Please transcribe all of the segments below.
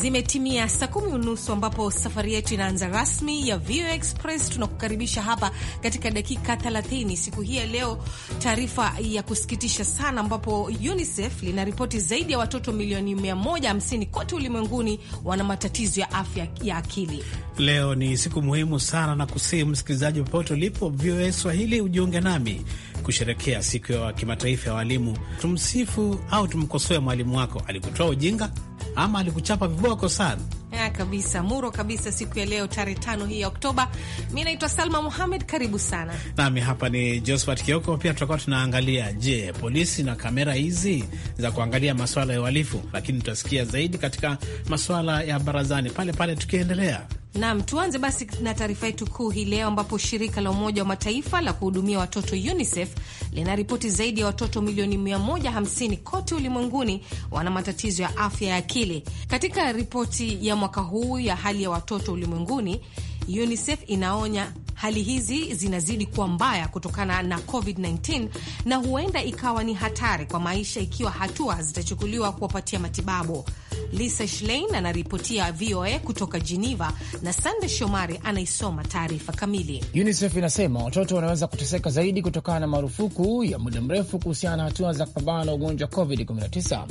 Zimetimia saa kumi unusu ambapo safari yetu inaanza rasmi ya VOA Express. Tunakukaribisha hapa katika dakika 30 siku hii ya leo. Taarifa ya kusikitisha sana, ambapo UNICEF linaripoti zaidi ya watoto milioni 150 kote ulimwenguni wana matatizo ya afya ya akili. Leo ni siku muhimu sana, na kusihi msikilizaji popote ulipo VOA Swahili ujiunge nami kusherekea siku ya kimataifa ya walimu. Tumsifu au tumkosoe mwalimu wako alikutoa ujinga ama alikuchapa viboko sana. Ya, kabisa muro kabisa, siku ya leo tarehe tano hii ya Oktoba. Mi naitwa Salma Muhamed, karibu sana nami hapa ni Josphat Kioko. Pia tutakuwa tunaangalia, je, polisi na kamera hizi za kuangalia maswala ya uhalifu, lakini tutasikia zaidi katika maswala ya barazani pale pale tukiendelea. Nam, tuanze basi na taarifa yetu kuu hii leo, ambapo shirika la Umoja wa Mataifa la kuhudumia watoto UNICEF lina ripoti zaidi ya watoto milioni 150 kote ulimwenguni wana matatizo ya afya ya akili. Katika ripoti ya mwaka huu ya hali ya watoto ulimwenguni, UNICEF inaonya Hali hizi zinazidi kuwa mbaya kutokana na COVID-19 na huenda ikawa ni hatari kwa maisha ikiwa hatua zitachukuliwa kuwapatia matibabu. Lisa Schlein anaripotia VOA kutoka Geneva na Sande Shomari anaisoma taarifa kamili. UNICEF inasema watoto wanaweza kuteseka zaidi kutokana na marufuku ya muda mrefu kuhusiana na hatua za kupambana na ugonjwa wa COVID-19,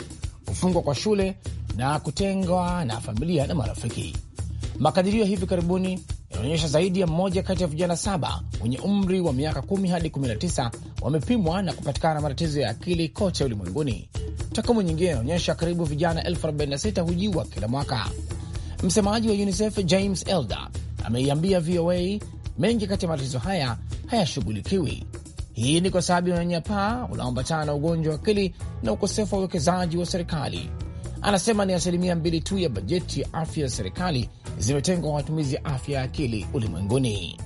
kufungwa kwa shule na kutengwa na familia na marafiki. Makadirio ya hivi karibuni yanaonyesha zaidi ya mmoja kati ya vijana saba wenye umri wa miaka 10 hadi 19 wamepimwa na kupatikana na matatizo ya akili kote ulimwenguni. Takwimu nyingine inaonyesha karibu vijana 46 hujiwa kila mwaka. Msemaji wa UNICEF James Elder ameiambia VOA mengi kati ya matatizo haya hayashughulikiwi. Hii ni kwa sababu ya unyanyapaa unaoambatana na ugonjwa wa akili na ukosefu wa uwekezaji wa serikali. Anasema ni asilimia mbili tu ya bajeti ya afya ya serikali zimetengwa kwa matumizi ya afya ya akili ulimwenguni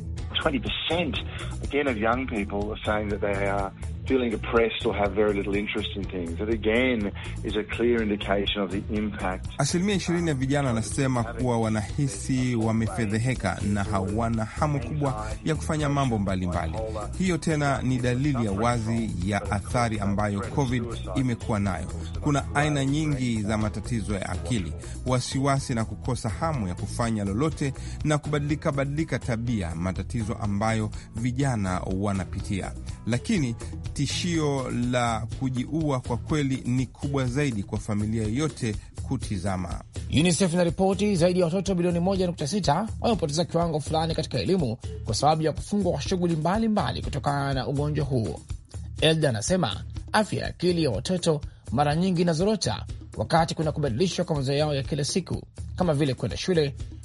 feeling depressed or have very little interest in things. That again is a clear indication of the impact. Asilimia ishirini ya vijana wanasema kuwa wanahisi wamefedheheka na hawana hamu kubwa ya kufanya mambo mbalimbali mbali. Hiyo tena ni dalili ya wazi ya athari ambayo COVID imekuwa nayo. Kuna aina nyingi za matatizo ya akili, wasiwasi na kukosa hamu ya kufanya lolote na kubadilika badilika tabia, matatizo ambayo vijana wanapitia lakini tishio la kujiua kwa kweli ni kubwa zaidi kwa familia yoyote kutizama. UNICEF na ripoti zaidi ya watoto bilioni 1.6 wamepoteza kiwango fulani katika elimu kwa sababu ya kufungwa kwa shughuli mbalimbali kutokana na ugonjwa huo. Elda anasema afya ya akili ya watoto mara nyingi inazorota wakati kuna kubadilishwa kwa mazoea yao ya kila siku kama vile kwenda shule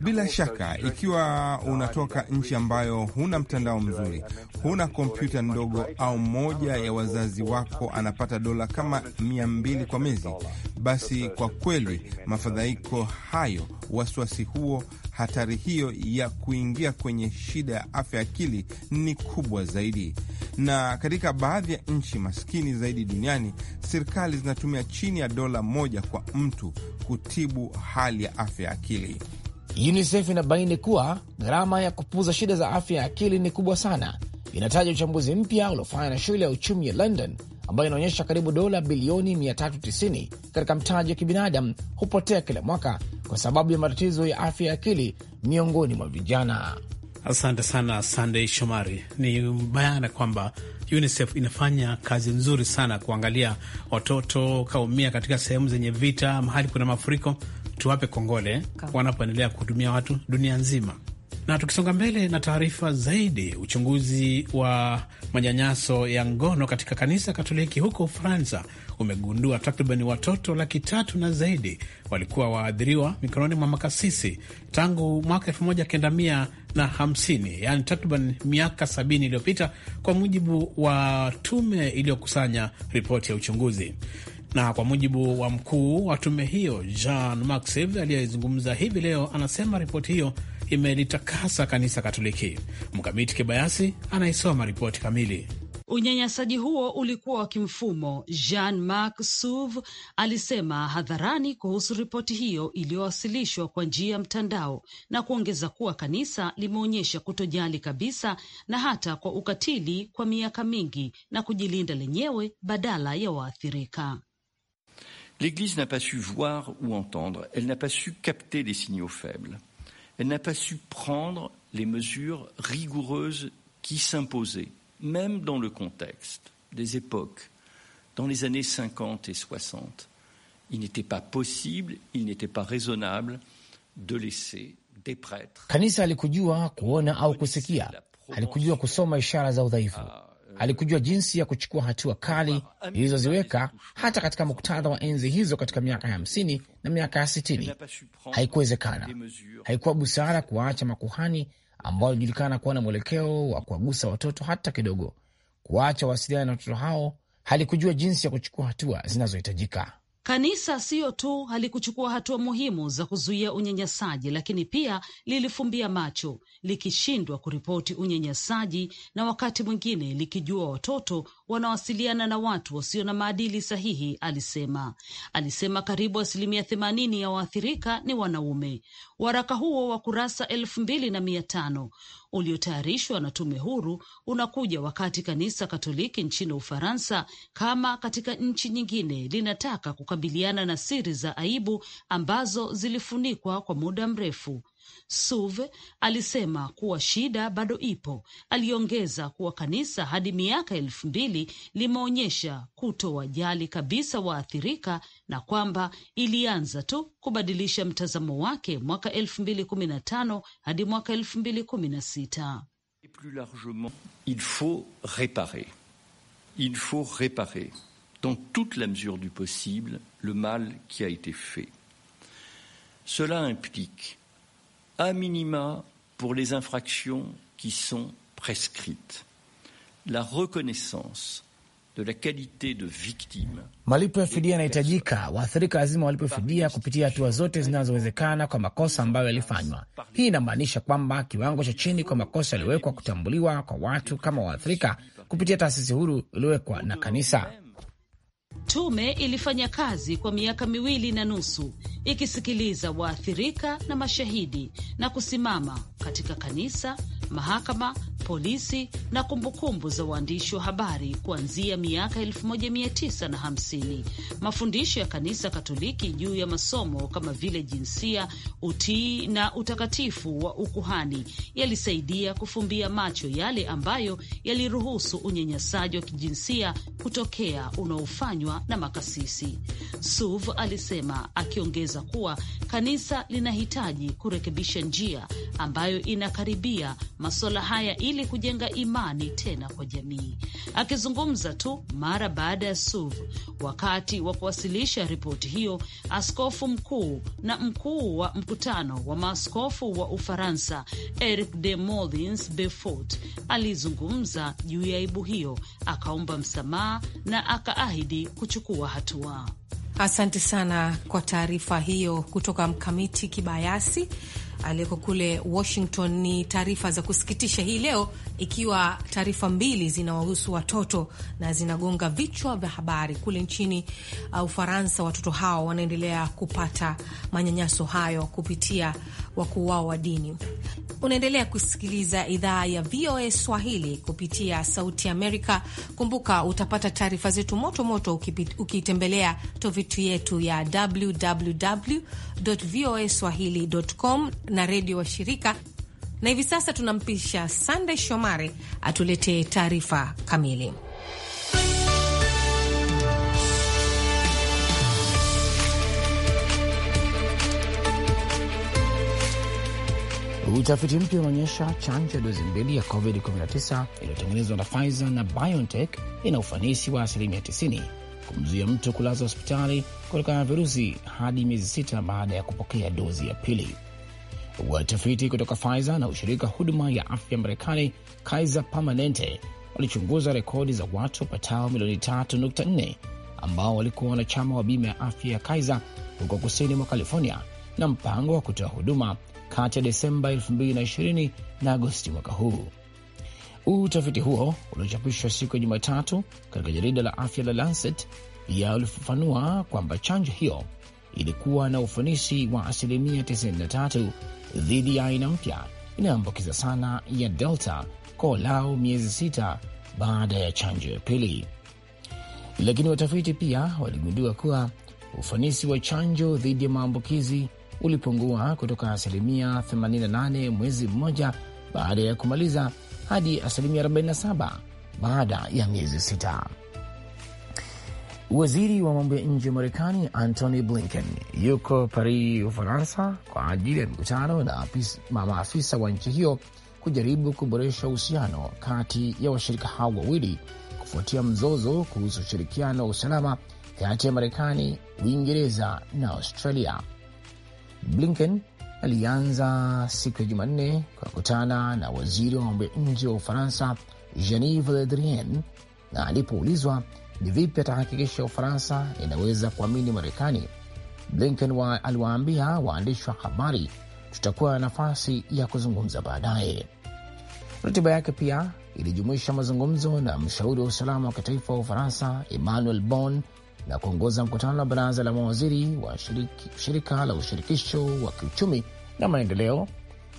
Bila shaka, ikiwa unatoka nchi ambayo huna mtandao mzuri, huna kompyuta ndogo, au moja ya wazazi wako anapata dola kama mia mbili kwa mwezi, basi kwa kweli mafadhaiko hayo, wasiwasi huo, hatari hiyo ya kuingia kwenye shida ya afya ya akili ni kubwa zaidi. Na katika baadhi ya nchi maskini zaidi duniani, serikali zinatumia chini ya dola moja kwa mtu kutibu hali ya afya ya akili. UNICEF inabaini kuwa gharama ya kupuuza shida za afya ya akili ni kubwa sana. Inataja uchambuzi mpya uliofanywa na shule ya uchumi ya London ambayo inaonyesha karibu dola bilioni 390 katika mtaji wa kibinadamu hupotea kila mwaka kwa sababu ya matatizo ya afya ya akili miongoni mwa vijana. Asante sana Sandey Shomari. Ni bayana kwamba UNICEF inafanya kazi nzuri sana kuangalia watoto kaumia katika sehemu zenye vita, mahali kuna mafuriko tuwape kongole wanapoendelea kuhudumia watu dunia nzima. Na tukisonga mbele na taarifa zaidi, uchunguzi wa manyanyaso ya ngono katika kanisa Katoliki huko Ufaransa umegundua takribani watoto laki tatu na zaidi walikuwa waadhiriwa mikononi mwa makasisi tangu mwaka elfu moja kenda mia na hamsini, yaani takriban miaka sabini iliyopita, kwa mujibu wa tume iliyokusanya ripoti ya uchunguzi. Na kwa mujibu wa mkuu wa tume hiyo Jean Maxiv aliyezungumza hivi leo, anasema ripoti hiyo imelitakasa kanisa Katoliki. Mkamiti Kibayasi anaisoma ripoti kamili. Unyanyasaji huo ulikuwa wa kimfumo, Jean Marc Suve alisema hadharani kuhusu ripoti hiyo iliyowasilishwa kwa njia ya mtandao, na kuongeza kuwa kanisa limeonyesha kutojali kabisa na hata kwa ukatili kwa miaka mingi na kujilinda lenyewe badala ya waathirika. L'Église n'a pas su voir ou entendre, elle n'a pas su capter les signaux faibles, elle n'a pas su prendre les mesures rigoureuses qui s'imposaient, même dans le contexte des époques, dans les années 50 et 60. Il n'était pas possible, il n'était pas raisonnable de laisser des prêtres. Mm. alikujua jinsi ya kuchukua hatua kali ilizoziweka hata katika muktadha wa enzi hizo katika miaka ya hamsini na miaka ya sitini. Haikuwezekana, haikuwa busara kuwaacha makuhani ambao walijulikana kuwa na mwelekeo wa kuwagusa watoto hata kidogo, kuwaacha wasiliana na watoto hao. Halikujua jinsi ya kuchukua hatua zinazohitajika. Kanisa siyo tu halikuchukua hatua muhimu za kuzuia unyanyasaji, lakini pia lilifumbia macho, likishindwa kuripoti unyanyasaji na wakati mwingine likijua watoto wanawasiliana na watu wasio na maadili sahihi, alisema. Alisema karibu asilimia themanini ya waathirika ni wanaume. Waraka huo wa kurasa elfu mbili na mia tano uliotayarishwa na tume huru unakuja wakati kanisa Katoliki nchini Ufaransa, kama katika nchi nyingine, linataka kukabiliana na siri za aibu ambazo zilifunikwa kwa muda mrefu. Suve alisema kuwa shida bado ipo. Aliongeza kuwa kanisa hadi miaka elfu mbili limeonyesha kutowajali kabisa waathirika na kwamba ilianza tu kubadilisha mtazamo wake mwaka elfu mbili kumi na tano hadi mwaka elfu mbili kumi na sita. Il faut reparer. Il faut reparer dans toute la mesure du possible le mal qui a été fait. Cela implique à minima pour les infractions qui sont prescrites. La reconnaissance de la qualité de victime. Malipo ya fidia yanahitajika. Waathirika lazima walipe fidia kupitia hatua zote zinazowezekana kwa makosa ambayo yalifanywa. Hii inamaanisha kwamba kiwango cha chini kwa makosa yaliyowekwa kutambuliwa kwa watu kama waathirika kupitia taasisi huru iliyowekwa na kanisa. Tume ilifanya kazi kwa miaka miwili na nusu ikisikiliza waathirika na mashahidi na kusimama katika kanisa, mahakama, polisi na kumbukumbu za waandishi wa habari kuanzia miaka 1950. Mafundisho ya Kanisa Katoliki juu ya masomo kama vile jinsia, utii na utakatifu wa ukuhani yalisaidia kufumbia macho yale ambayo yaliruhusu unyanyasaji wa kijinsia kutokea unaofanywa kutumiwa na makasisi, Suv alisema, akiongeza kuwa kanisa linahitaji kurekebisha njia ambayo inakaribia masuala haya ili kujenga imani tena kwa jamii. Akizungumza tu mara baada ya Suv wakati wa kuwasilisha ripoti hiyo, askofu mkuu na mkuu wa mkutano wa maaskofu wa Ufaransa Eric de Molins Befort alizungumza juu ya aibu hiyo, akaomba msamaha na akaahidi kuchukua hatua. Asante sana kwa taarifa hiyo kutoka Mkamiti Kibayasi aliyeko kule Washington. Ni taarifa za kusikitisha hii leo ikiwa taarifa mbili zinawahusu watoto na zinagonga vichwa vya habari kule nchini uh, Ufaransa. watoto hao wanaendelea kupata manyanyaso hayo kupitia wakuu wao wa dini. Unaendelea kusikiliza idhaa ya VOA Swahili kupitia Sauti Amerika. Kumbuka utapata taarifa zetu motomoto moto ukitembelea tovuti yetu ya www voa swahili.com na redio wa shirika na hivi sasa tunampisha Sandey Shomari atuletee taarifa kamili. Utafiti mpya unaonyesha chanjo ya dozi mbili ya COVID-19 iliyotengenezwa na Pfizer na BioNTech ina ufanisi wa asilimia 90 kumzuia mtu kulaza hospitali kutokana na virusi hadi miezi sita baada ya kupokea dozi ya pili. Watafiti kutoka Pfizer na ushirika huduma ya afya Marekani Kaiser Permanente walichunguza rekodi za watu wapatao milioni 3.4 ambao walikuwa wanachama wa bima ya afya ya Kaiser huko kusini mwa California na mpango wa kutoa huduma kati ya Desemba 2020 na Agosti mwaka huu. Utafiti huo uliochapishwa siku ya Jumatatu katika jarida la afya la Lancet pia ulifafanua kwamba chanjo hiyo ilikuwa na ufanisi wa asilimia 93 dhidi ya aina mpya inayoambukiza sana ya Delta kwa walau miezi sita baada ya chanjo ya pili. Lakini watafiti pia waligundua kuwa ufanisi wa chanjo dhidi ya maambukizi ulipungua kutoka asilimia 88 mwezi mmoja baada ya kumaliza hadi asilimia 47 baada ya miezi sita. Waziri wa mambo ya nje wa Marekani Antony Blinken yuko Paris, Ufaransa, kwa ajili ya mikutano na maafisa wa nchi hiyo kujaribu kuboresha uhusiano kati ya washirika hao wawili kufuatia mzozo kuhusu ushirikiano wa usalama kati ya Marekani, Uingereza na Australia. Blinken alianza siku ya Jumanne kwa kutana na waziri wa mambo ya nje wa Ufaransa Jean-Yves Le Drian, na alipoulizwa ni vipi atahakikisha Ufaransa inaweza kuamini Marekani. Blinken wa aliwaambia waandishi wa habari, tutakuwa na nafasi ya kuzungumza baadaye. Ratiba yake pia ilijumuisha mazungumzo na mshauri wa usalama wa kitaifa wa Ufaransa Emmanuel Bon na kuongoza mkutano wa baraza la mawaziri wa shiriki, shirika la ushirikisho wa kiuchumi na maendeleo.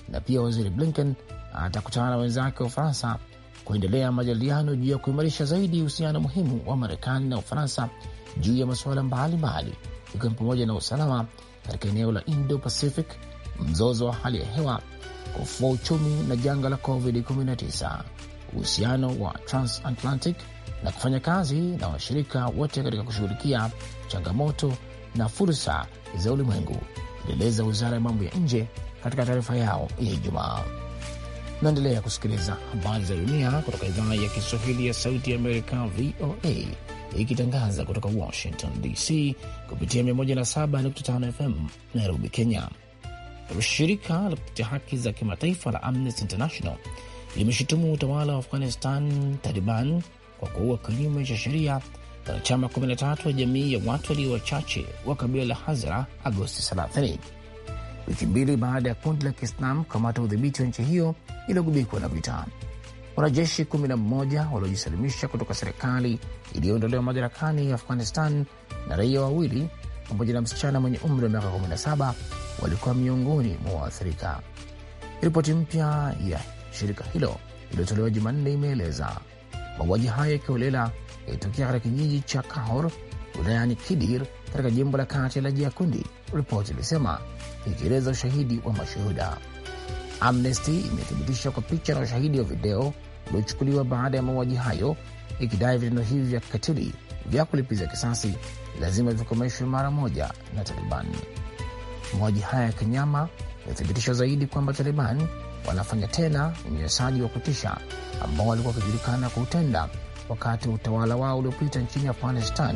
Na pia waziri Blinken atakutana na wenzake wa Ufaransa kuendelea majadiliano juu ya kuimarisha zaidi uhusiano muhimu wa Marekani na Ufaransa juu ya masuala mbalimbali, ikiwa ni pamoja na usalama katika eneo la Indo Pacific, mzozo wa hali ya hewa, kufua uchumi na janga la COVID-19, uhusiano wa transatlantic na kufanya kazi na washirika wote katika kushughulikia changamoto na fursa za ulimwengu, ilieleza wizara ya mambo ya nje katika taarifa yao ya Ijumaa. Naendelea kusikiliza habari za dunia kutoka idhaa ya Kiswahili ya Sauti ya Amerika, VOA, ikitangaza kutoka Washington DC kupitia 107.5 FM Nairobi, Kenya. Shirika la kutetea haki za kimataifa la Amnesty International limeshutumu utawala wa Afghanistan Taliban kwa kuua kinyume cha sheria wanachama 13 wa jamii ya watu walio wachache wa kabila la Hazara Agosti 30 wiki mbili baada ya kundi la kiislam kukamata udhibiti wa nchi hiyo iliyogubikwa na vita. Wanajeshi 11 waliojisalimisha kutoka serikali iliyoondolewa madarakani ya Afghanistan na raia wawili pamoja na msichana mwenye umri wa miaka 17 walikuwa miongoni mwa waathirika. Ripoti mpya ya shirika hilo iliyotolewa Jumanne imeeleza mauaji hayo ya kiolela yalitokea katika kijiji cha Kahor wilayani Kidir katika jimbo la kati la Jiakundi, ripoti ilisema ikieleza ushahidi wa mashuhuda. Amnesty imethibitisha kwa picha na ushahidi wa video uliochukuliwa baada ya mauaji hayo, ikidai vitendo hivi vya kikatili vya kulipiza kisasi lazima vikomeshwe mara moja na Taliban. Mauaji haya ya kinyama imethibitishwa zaidi kwamba Taliban wanafanya tena unyanyasaji wa kutisha ambao walikuwa wakijulikana kuutenda wakati wa utawala wao uliopita nchini Afghanistan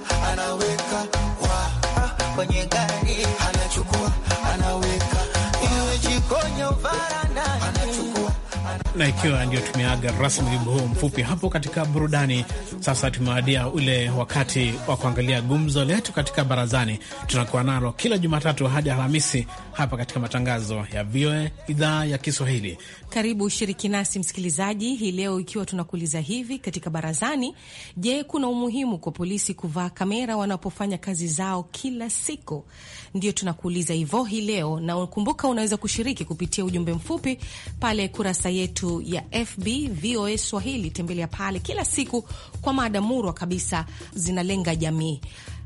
na ikiwa ndio tumeaga rasmi wimbo huu mfupi hapo katika burudani. Sasa tumewadia ule wakati wa kuangalia gumzo letu katika barazani. Tunakuwa nalo kila Jumatatu hadi Alhamisi hapa katika matangazo ya VOA idhaa ya Kiswahili. Karibu ushiriki nasi msikilizaji, hii leo ikiwa tunakuuliza hivi katika barazani: Je, kuna umuhimu kwa polisi kuvaa kamera wanapofanya kazi zao kila siku? Ndio tunakuuliza hivo hii leo, na kumbuka, unaweza kushiriki kupitia ujumbe mfupi pale kurasa yetu yetu ya FB VOA Swahili. Tembelea pale kila siku kwa mada murwa kabisa zinalenga jamii.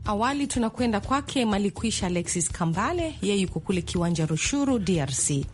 Awali tunakwenda kwake Malikwisha Alexis Kambale, yeye yuko kule kiwanja Rushuru, DRC.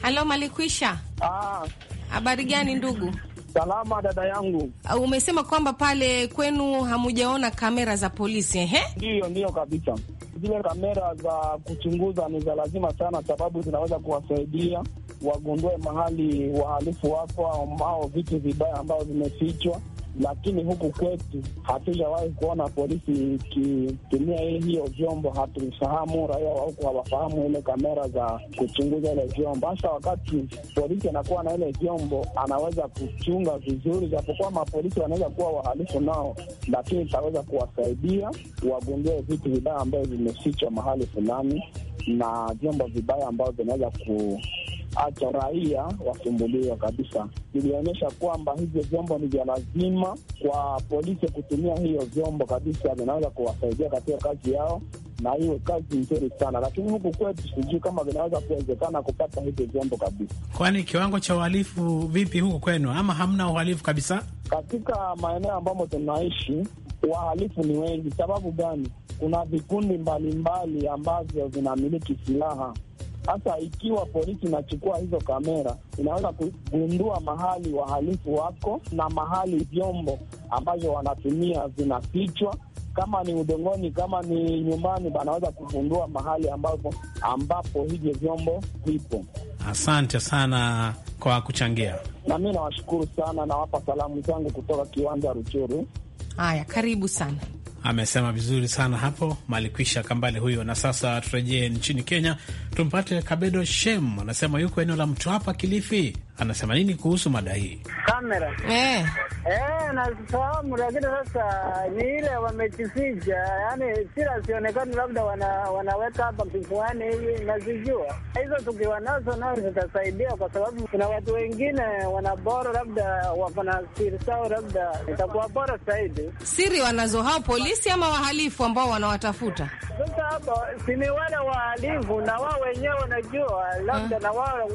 Halo Malikwisha, ah. habari ah, gani ndugu? Salama dada yangu. Umesema kwamba pale kwenu hamujaona kamera za polisi ehe? Ndiyo, ndiyo kabisa. Zile kamera za kuchunguza ni za lazima sana, sababu zinaweza kuwasaidia wagundue mahali wahalifu wako au vitu vibaya ambavyo vimefichwa lakini huku kwetu hatujawahi kuona polisi ikitumia hiyo vyombo. Hatufahamu, raia wa huku hawafahamu ile kamera za kuchunguza ile vyombo. Hasa wakati polisi anakuwa na ile vyombo, anaweza kuchunga vizuri, japokuwa mapolisi wanaweza kuwa wahalifu nao, lakini itaweza kuwasaidia wagundue vitu vibaya ambavyo vimefichwa mahali fulani na vyombo vibaya ambavyo vinaweza ku hata raia wasumbuliwe kabisa. Ilionyesha kwamba hivyo vyombo ni vya lazima kwa polisi kutumia hiyo vyombo kabisa, vinaweza kuwasaidia katika kazi yao, na iwe kazi nzuri sana, lakini huku kwetu sijui kama vinaweza kuwezekana kupata hivyo vyombo kabisa. Kwani kiwango cha uhalifu vipi huku kwenu, ama hamna uhalifu kabisa? Katika maeneo ambamo tunaishi wahalifu ni wengi. Sababu gani? Kuna vikundi mbalimbali ambavyo vinamiliki silaha sasa ikiwa polisi inachukua hizo kamera, inaweza kugundua mahali wahalifu wako na mahali vyombo ambavyo wanatumia vinafichwa kama ni udongoni, kama ni nyumbani, anaweza kugundua mahali ambapo ambapo hivyo vyombo vipo. Asante sana kwa kuchangia, na mi nawashukuru sana, nawapa salamu zangu kutoka kiwanja Ruchuru. Haya, karibu sana. Amesema vizuri sana hapo Malikwisha Kambale huyo. Na sasa turejee nchini Kenya tumpate Kabedo Shem, anasema yuko eneo la mtu hapa Kilifi. Anasema nini kuhusu mada hii kamera? Eh, eh, nafahamu, lakini sasa ni ile wamejificha, yani sila sionekani, labda wana, wanaweka hapa kifuani hivi, nazijua hizo, tukiwa nazo nao zitasaidia, kwa sababu kuna watu wengine wanaboro, labda wako na siri zao, labda itakuwa bora zaidi. Siri wanazo hao polisi ama wahalifu ambao wanawatafuta sasa. Hapo si ni wale wahalifu na wao wenyewe najua labda, ah. na wao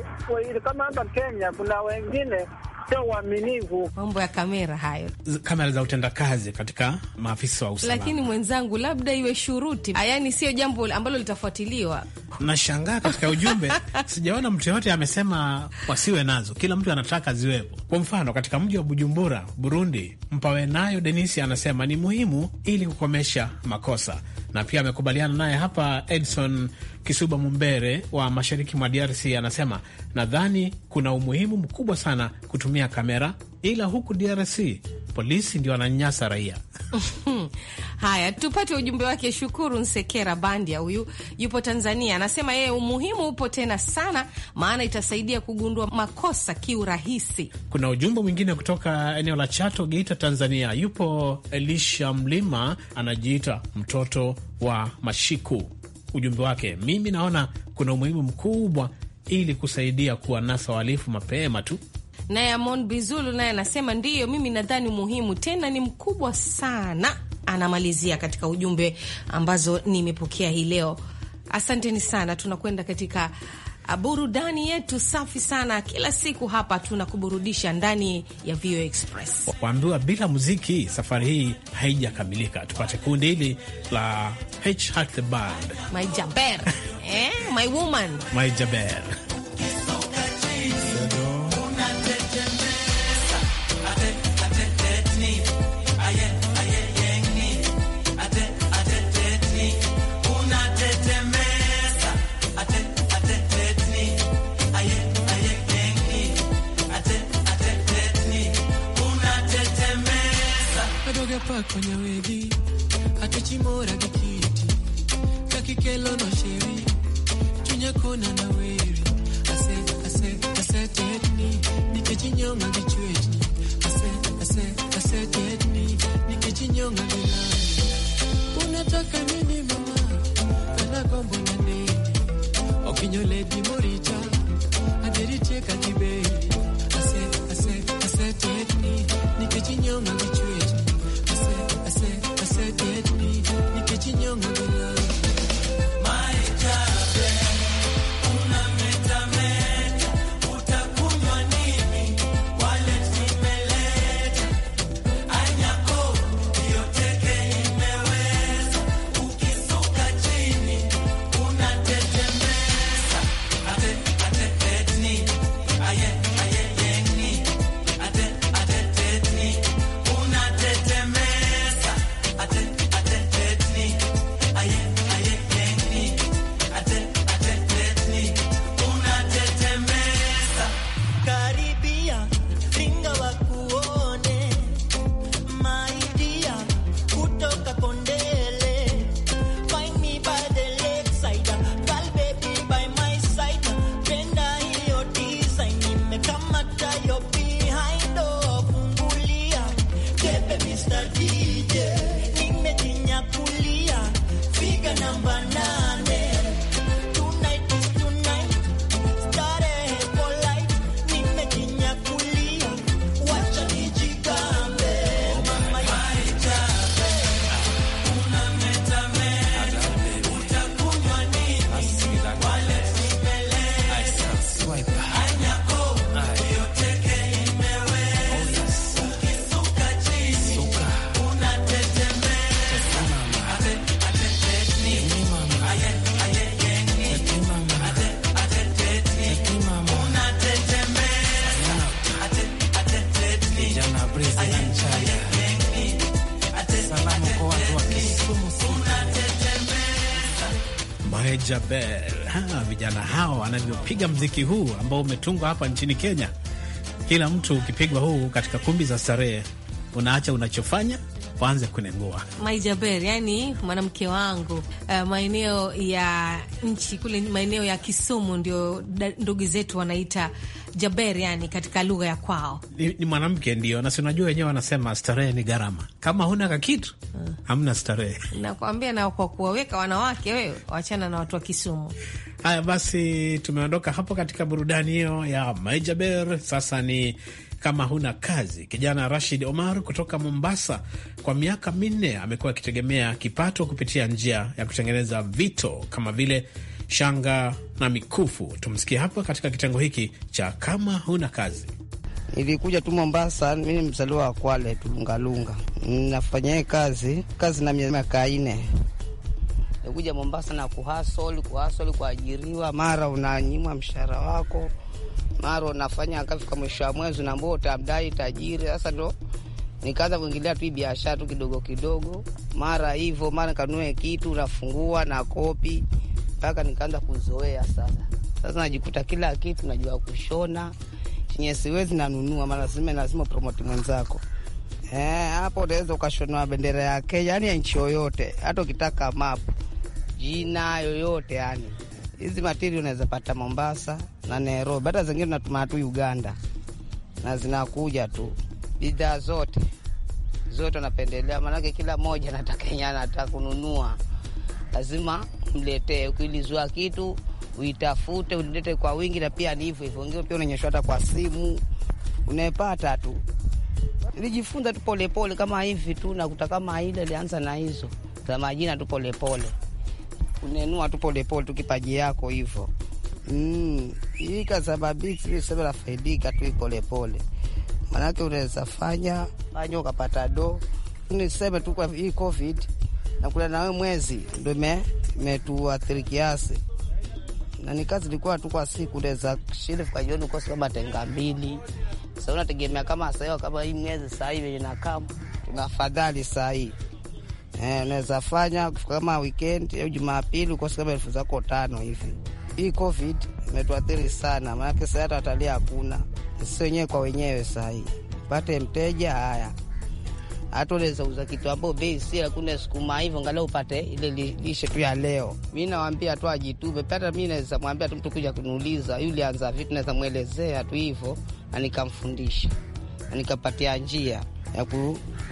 kama hapa Kenya kuna wengine sio waaminivu. Mambo ya kamera hayo, kamera za utendakazi katika maafisa wa usalama. Lakini mwenzangu, labda iwe shuruti, yaani sio jambo ambalo litafuatiliwa. Nashangaa katika ujumbe sijaona mtu yoyote amesema wasiwe nazo, kila mtu anataka ziwepo. Kwa mfano katika mji wa Bujumbura, Burundi, mpawe nayo Denisi anasema ni muhimu ili kukomesha makosa, na pia amekubaliana naye hapa Edson Kisuba Mumbere wa mashariki mwa DRC anasema nadhani kuna umuhimu mkubwa sana kutumia kamera, ila huku DRC polisi ndio wananyanyasa raia. Haya, tupate ujumbe wake. Shukuru Nsekera Bandia, huyu yupo Tanzania, anasema yeye umuhimu upo tena sana, maana itasaidia kugundua makosa kiurahisi. Kuna ujumbe mwingine kutoka eneo la Chato, Geita, Tanzania, yupo Elisha Mlima, anajiita mtoto wa Mashiku ujumbe wake. Mimi naona kuna umuhimu mkubwa ili kusaidia kuwanasa wahalifu mapema tu. Naye Amon Bizulu naye anasema ndiyo, mimi nadhani umuhimu tena ni mkubwa sana. Anamalizia katika ujumbe ambazo nimepokea hii leo. Asanteni sana, tunakwenda katika burudani yetu safi sana. Kila siku hapa tunakuburudisha ndani ya VOA Express. Waambiwa bila muziki safari hii haijakamilika. Tupate kundi hili la H Heart the Band, my Jaber eh, my woman, my Jaber pakonyawethi atuchimora gikiti kakikelo no sheri chunya kona na weri ase ase asetetni nikechinyonga gichwetni ase ase asetetni nikechinyonga gilani unataka nini mama na nini aderitie katibei ase ase gichwetni get me, nikechinyonga young Jabel. Ha, vijana hao anavyopiga mziki huu ambao umetungwa hapa nchini Kenya. Kila mtu ukipigwa huu katika kumbi za starehe, unaacha unachofanya kwanza kunengua. Maijabel, yani mwanamke wangu. Uh, maeneo ya nchi kule, maeneo ya Kisumu ndio ndugu zetu wanaita Jaber, yani katika lugha ya kwao ni, ni mwanamke ndio, na si unajua wenyewe wanasema starehe ni gharama. Kama huna kakitu hmm, hamna starehe. Nakwambia na kwa kuwaweka wanawake, wewe wachana na watu wa Kisumu. Haya basi, tumeondoka hapo katika burudani hiyo ya Maijaber. Sasa ni kama huna kazi. Kijana Rashid Omar kutoka Mombasa, kwa miaka minne amekuwa akitegemea kipato kupitia njia ya kutengeneza vito kama vile shanga na mikufu. Tumsikie hapa katika kitengo hiki cha kama huna kazi. Nilikuja tu Mombasa, mi ni mzaliwa wa Kwale Tulungalunga, nafanya kazi kazi na miaka ine. Nilikuja Mombasa na kuhasoli kuhasoli, kuajiriwa, mara unanyimwa mshahara wako, mara unafanya kazi kafika mwisho wa mwezi unaambia utamdai tajiri. Sasa ndo nikaanza kuingilia tu biashara tu kidogo kidogo, mara hivyo, mara kanunue kitu, nafungua na kopi mpaka nikaanza kuzoea sasa. Sasa najikuta kila kitu najua kushona, chenye siwezi nanunua, maana lazima lazima promoti mwenzako eh, hapo unaweza ukashonoa bendera ya Kenya, yani ya nchi yoyote, hata ukitaka mapu jina yoyote, yani hizi matiri unaweza pata Mombasa na Nairobi, hata zingine unatuma tu Uganda na zinakuja tu bidhaa zote zote, napendelea maanake kila moja nataka Kenya anataka kununua lazima mletee. Ukiulizwa kitu uitafute, ulilete kwa wingi, na pia ni hivyo hivyo. Wengine pia unaonyeshwa hata kwa simu, unayepata tu. Nilijifunza tu polepole kama hivi tu, nakuta kama ile ilianza na hizo za majina tu polepole, unenua tu polepole tu kipaji yako hivyo. Mm, hii kasababisha sema nafaidika tu polepole, maanake unaweza fanya fanya ukapata do. Niseme tu kwa hii COVID nakula na wewe mwezi, ndo imetuathiri kiasi, na ni kazi ilikuwa tu kwa siku za shift kwa jioni, kwa sababu tenga mbili. Sasa unategemea kama sasa kama hii mwezi sasa hii inakaa tuna afadhali sasa hii eh, unaweza fanya kama weekend au Jumapili kwa sababu elfu zako tano hivi. Hii covid imetuathiri sana, maana sasa hata watalii hakuna, sisi wenyewe kwa wenyewe sasa hii pate mteja haya hata unaweza uza kitu ambao bei si, hakuna sukuma hivyo, angalau upate ile lishe tu ya leo. Mi nawambia tu ajitupe, hata mi naweza mwambia tu mtu kuja kuniuliza yule anza vitu, naweza mwelezea tu hivyo anikamfundisha anikapatia njia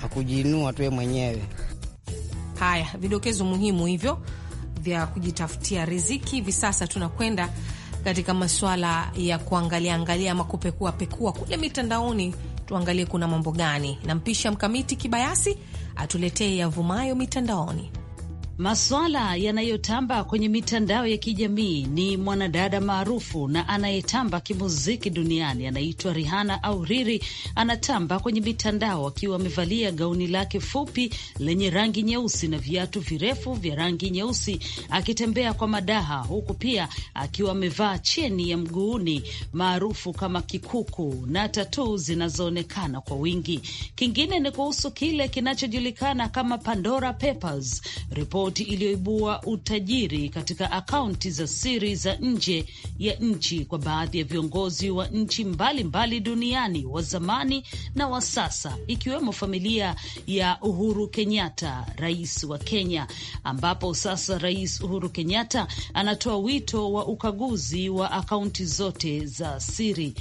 ya kujiinua tuwe mwenyewe. Haya, vidokezo muhimu hivyo vya kujitafutia riziki. Hivi sasa tunakwenda katika masuala ya kuangalia angalia ama kupekua pekua kule mitandaoni tuangalie kuna mambo gani. Nampisha Mkamiti Kibayasi atuletee yavumayo mitandaoni. Maswala yanayotamba kwenye mitandao ya kijamii ni mwanadada maarufu na anayetamba kimuziki duniani anaitwa Rihanna au Riri. Anatamba kwenye mitandao akiwa amevalia gauni lake fupi lenye rangi nyeusi na viatu virefu vya rangi nyeusi, akitembea kwa madaha, huku pia akiwa amevaa cheni ya mguuni maarufu kama kikuku na tatuu zinazoonekana kwa wingi. Kingine ni kuhusu kile kinachojulikana kama Pandora Papers ripoti iliyoibua utajiri katika akaunti za siri za nje ya nchi kwa baadhi ya viongozi wa nchi mbalimbali mbali duniani wa zamani na wa sasa, ikiwemo familia ya Uhuru Kenyatta, rais wa Kenya, ambapo sasa Rais Uhuru Kenyatta anatoa wito wa ukaguzi wa akaunti zote za siri.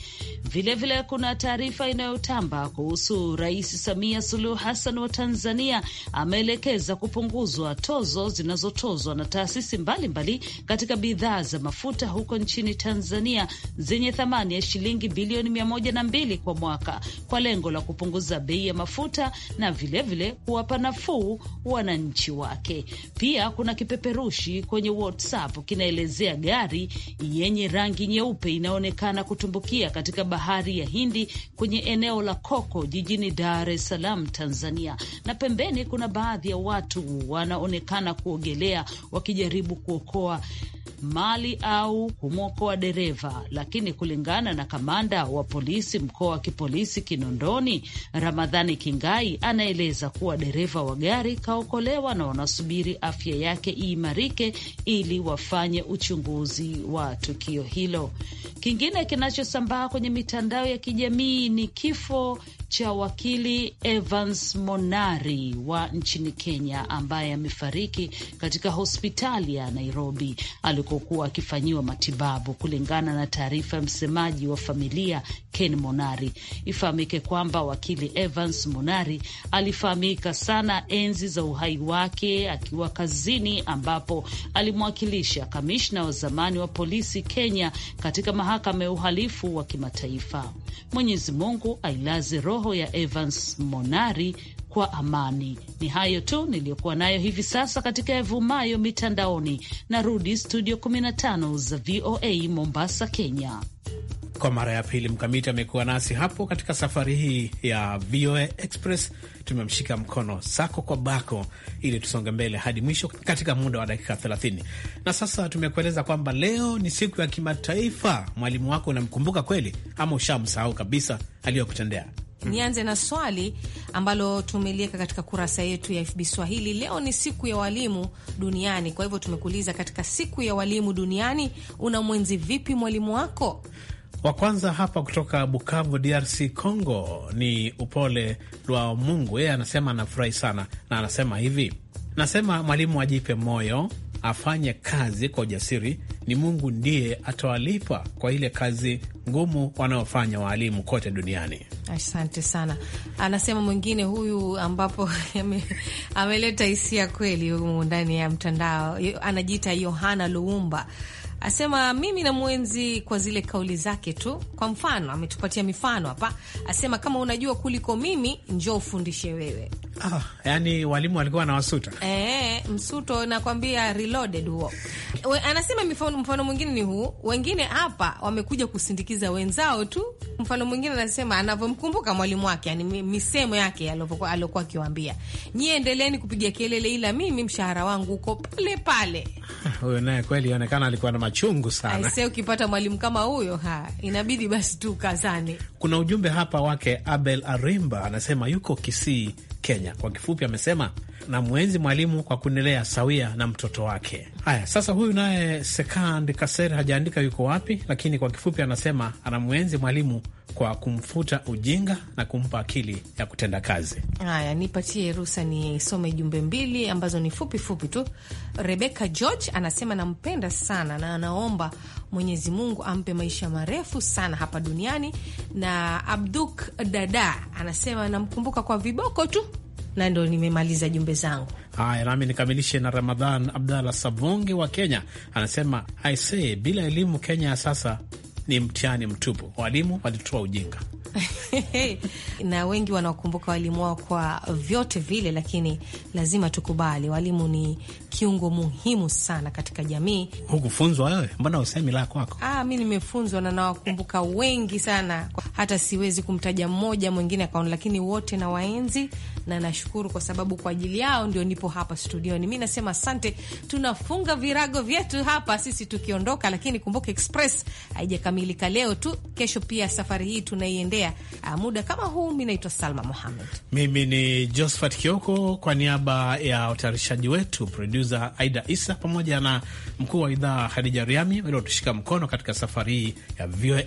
Vilevile vile kuna taarifa inayotamba kuhusu Rais Samia Suluhu Hassan wa Tanzania ameelekeza kupunguzwa tozo tozo zinazotozwa na taasisi mbalimbali katika bidhaa za mafuta huko nchini Tanzania zenye thamani ya shilingi bilioni mia moja na mbili kwa mwaka kwa lengo la kupunguza bei ya mafuta na vilevile kuwapa nafuu wananchi wake. Pia kuna kipeperushi kwenye WhatsApp kinaelezea gari yenye rangi nyeupe inaonekana kutumbukia katika bahari ya Hindi kwenye eneo la Koko jijini Dar es Salaam, Tanzania, na pembeni kuna baadhi ya watu wanaonekana na kuogelea wakijaribu kuokoa mali au kumwokoa dereva, lakini kulingana na kamanda wa polisi mkoa wa kipolisi Kinondoni, Ramadhani Kingai, anaeleza kuwa dereva wa gari kaokolewa na wanasubiri afya yake iimarike ili wafanye uchunguzi wa tukio hilo. Kingine kinachosambaa kwenye mitandao ya kijamii ni kifo cha wakili Evans Monari wa nchini Kenya ambaye amefariki katika hospitali ya Nairobi alikokuwa akifanyiwa matibabu, kulingana na taarifa ya msemaji wa familia Ken Monari. Ifahamike kwamba wakili Evans Monari alifahamika sana enzi za uhai wake akiwa kazini, ambapo alimwakilisha kamishna wa zamani wa polisi Kenya katika mahakama ya uhalifu wa kimataifa. Mwenyezi Mungu ailaze roho roho ya Evans Monari kwa amani. Ni hayo tu niliyokuwa nayo hivi sasa katika yavumayo mitandaoni. Narudi studio 15 za VOA Mombasa, Kenya. Kwa mara ya pili Mkamiti amekuwa nasi hapo katika safari hii ya VOA Express. Tumemshika mkono sako kwa bako ili tusonge mbele hadi mwisho katika muda wa dakika 30. Na sasa tumekueleza kwamba leo ni siku ya kimataifa. Mwalimu wako unamkumbuka kweli ama ushamsahau kabisa aliyokutendea? Hmm. Nianze na swali ambalo tumelieka katika kurasa yetu ya FB Swahili. Leo ni siku ya walimu duniani, kwa hivyo tumekuuliza, katika siku ya walimu duniani una mwenzi vipi mwalimu wako? Wa kwanza hapa kutoka Bukavu, DRC Congo ni Upole Lwa Mungu. Yeye anasema anafurahi sana na anasema hivi, nasema mwalimu ajipe moyo afanye kazi kwa ujasiri, ni Mungu ndiye atawalipa kwa ile kazi ngumu wanaofanya waalimu kote duniani. Asante sana, anasema mwingine huyu, ambapo ameleta hisia kweli humu ndani ya mtandao. Anajiita Yohana Luumba asema mimi na mwenzi kwa zile kauli zake tu. Kwa mfano, ametupatia mifano hapa, asema kama unajua kuliko mimi, njo ufundishe wewe. Oh, ah, yani walimu walikuwa na wasuta e, msuto nakwambia, reloaded huo. Anasema mfano mwingine ni huu, wengine hapa wamekuja kusindikiza wenzao tu mfano mwingine anasema anavyomkumbuka mwalimu wake, yani misemo yake aliokuwa akiwambia nyie endeleeni kupiga kelele, ila mimi mshahara wangu uko pale pale. Huyo naye kweli onekana alikuwa na machungu sana. Aise, ukipata mwalimu kama huyo, ha inabidi basi tu kazane. Kuna ujumbe hapa wake Abel Arimba anasema yuko Kisii, Kenya. Kwa kifupi amesema na mwenzi mwalimu kwa kuendelea sawia na mtoto wake. Haya, sasa huyu naye Sekand Kaser hajaandika yuko wapi, lakini kwa kifupi anasema anamwenzi mwalimu kwa kumfuta ujinga na kumpa akili ya kutenda kazi. Haya, nipatie ruhusa nisome jumbe mbili ambazo ni fupi fupi tu. Rebeka George anasema nampenda sana na anaomba Mwenyezi Mungu ampe maisha marefu sana hapa duniani, na Abduk Dada anasema namkumbuka kwa viboko tu na ndo nimemaliza jumbe zangu. Haya, nami nikamilishe na Ramadhan Abdalla Savonge wa Kenya, anasema aisee, bila elimu Kenya ya sasa ni mtihani mtupu, walimu walitoa ujinga. na wengi wanaokumbuka walimu wao kwa vyote vile, lakini lazima tukubali walimu ni kiungo muhimu sana katika jamii. Hukufunzwa wewe? Mbona usemi la kwako? Ah, mi nimefunzwa na nawakumbuka wengi sana, hata siwezi kumtaja mmoja mwingine akaona, lakini wote na waenzi na nashukuru kwa sababu kwa ajili yao ndio nipo hapa studioni. Mi nasema asante, tunafunga virago vyetu hapa sisi tukiondoka, lakini kumbuka Express haijakamilika leo tu, kesho pia safari hii tunaiendea ah, muda kama huu. Mi naitwa Salma Mohamed, mimi ni Josphat Kioko, kwa niaba ya utayarishaji wetu producer za Aida Isa pamoja na mkuu wa idhaa hadija Riami waliotushika mkono katika safari hii ya VOA